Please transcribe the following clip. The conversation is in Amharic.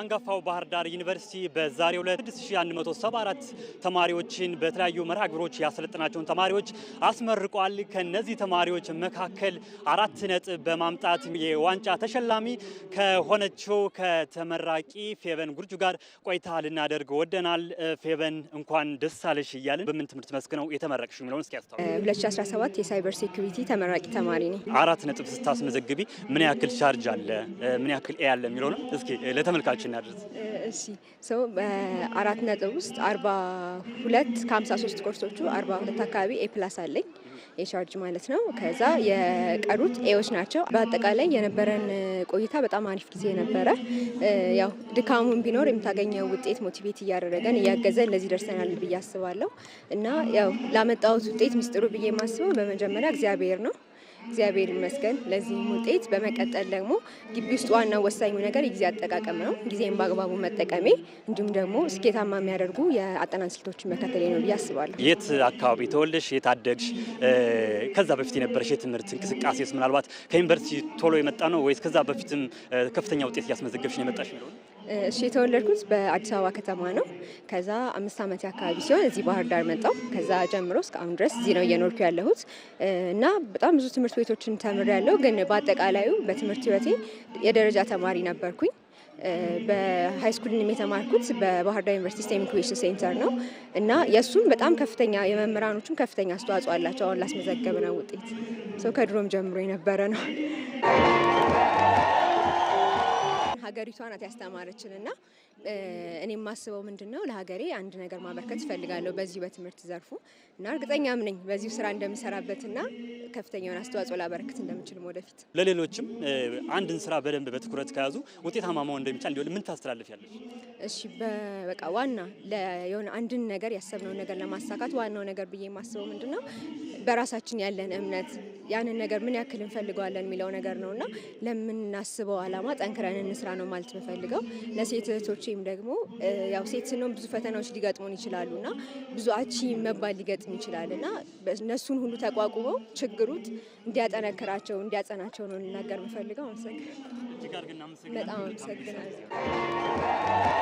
አንጋፋው ባህር ዳር ዩኒቨርሲቲ በዛሬው ዕለት 6174 ተማሪዎችን በተለያዩ መርሃ ግብሮች ያሰለጠናቸውን ተማሪዎች አስመርቋል። ከነዚህ ተማሪዎች መካከል አራት ነጥብ በማምጣት የዋንጫ ተሸላሚ ከሆነችው ከተመራቂ ፌቨን ጉርጁ ጋር ቆይታ ልናደርግ ወደናል። ፌቨን እንኳን ደስ አለሽ እያልን በምን ትምህርት መስክ ነው የተመረቅሽ የሚለውን እስኪ ያስታውቅ። 2017 የሳይበር ሴኩሪቲ ተመራቂ ተማሪ ነኝ። አራት ነጥብ ስታስመዘግቢ ምን ያክል ቻርጅ አለ ምን ያክል ኤ አለ የሚለውንም እስኪ ለተመልካች እናድርስ። እሺ ሰው በአራት ነጥብ ውስጥ አርባ ሁለት ከሀምሳ ሶስት ኮርሶቹ አርባ ሁለት አካባቢ ኤ ፕላስ አለኝ የቻርጅ ማለት ነው። ከዛ የቀሩት ኤዎች ናቸው። በአጠቃላይ የነበረን ቆይታ በጣም አሪፍ ጊዜ ነበረ። ያው ድካሙን ቢኖር የምታገኘው ውጤት ሞቲቬት እያደረገን እያገዘን ለዚህ ደርሰናል ብዬ አስባለሁ እና ያው ላመጣሁት ውጤት ሚስጥሩ ብዬ የማስበው በመጀመሪያ እግዚአብሔር ነው። እግዚአብሔር ይመስገን ለዚህም ውጤት። በመቀጠል ደግሞ ግቢ ውስጥ ዋናው ወሳኙ ነገር የጊዜ አጠቃቀም ነው። ጊዜን በአግባቡ መጠቀሜ እንዲሁም ደግሞ ስኬታማ የሚያደርጉ የአጠናን ስልቶችን መከተሌ ነው ብዬ አስባለሁ። የት አካባቢ ተወልደሽ የት አደግሽ? ከዛ በፊት የነበረሽ የትምህርት እንቅስቃሴስ ምናልባት ከዩኒቨርሲቲ ቶሎ የመጣ ነው ወይስ ከዛ በፊትም ከፍተኛ ውጤት እያስመዘገብሽ ነው የመጣሽ? እሺ የተወለድኩት በአዲስ አበባ ከተማ ነው። ከዛ አምስት ዓመት አካባቢ ሲሆን እዚህ ባህር ዳር መጣው። ከዛ ጀምሮ እስከ አሁን ድረስ እዚህ ነው እየኖርኩ ያለሁት እና በጣም ብዙ ትምህርት ቤቶችን ያለው ግን በአጠቃላዩ በትምህርት ህይወቴ የደረጃ ተማሪ ነበርኩኝ። በሃይስኩልንም የተማርኩት በባህር ዳር ዩኒቨርሲቲ ስቴም ኢንኩቤሽን ሴንተር ነው እና የእሱም በጣም ከፍተኛ የመምህራኖቹም ከፍተኛ አስተዋጽኦ አላቸው። አሁን ላስመዘገብ ነው ውጤት ሰው ከድሮም ጀምሮ የነበረ ነው። ሀገሪቷ ናት ያስተማረችን እና እኔ የማስበው ምንድን ነው ለሀገሬ አንድ ነገር ማበርከት እፈልጋለሁ በዚሁ በትምህርት ዘርፉ እና እርግጠኛም ነኝ በዚሁ ስራ እንደምሰራበት እንደምሰራበትና ከፍተኛውን አስተዋጽኦ ላበረክት እንደምችልም ወደፊት ለሌሎችም አንድን ስራ በደንብ በትኩረት ከያዙ ውጤታማ መሆን እንደሚቻል እንዲሆን ምን ታስተላልፍ ያለች እሺ በቃ ዋና የሆነ አንድን ነገር ያሰብነውን ነገር ለማሳካት ዋናው ነገር ብዬ የማስበው ምንድን ነው በራሳችን ያለን እምነት ያንን ነገር ምን ያክል እንፈልገዋለን የሚለው ነገር ነው እና ለምናስበው አላማ ጠንክረን እንስራ ነው ማለት የምፈልገው። ለሴት እህቶቼም ደግሞ ያው ሴት ስንሆን ብዙ ፈተናዎች ሊገጥሙን ይችላሉ እና ብዙ አቺ መባል ሊገጥም ይችላል እና እነሱን ሁሉ ተቋቁመው ችግሩት እንዲያጠነክራቸው እንዲያጸናቸው ነው ልናገር የምፈልገው። አመሰግናለሁ። በጣም አመሰግናለሁ።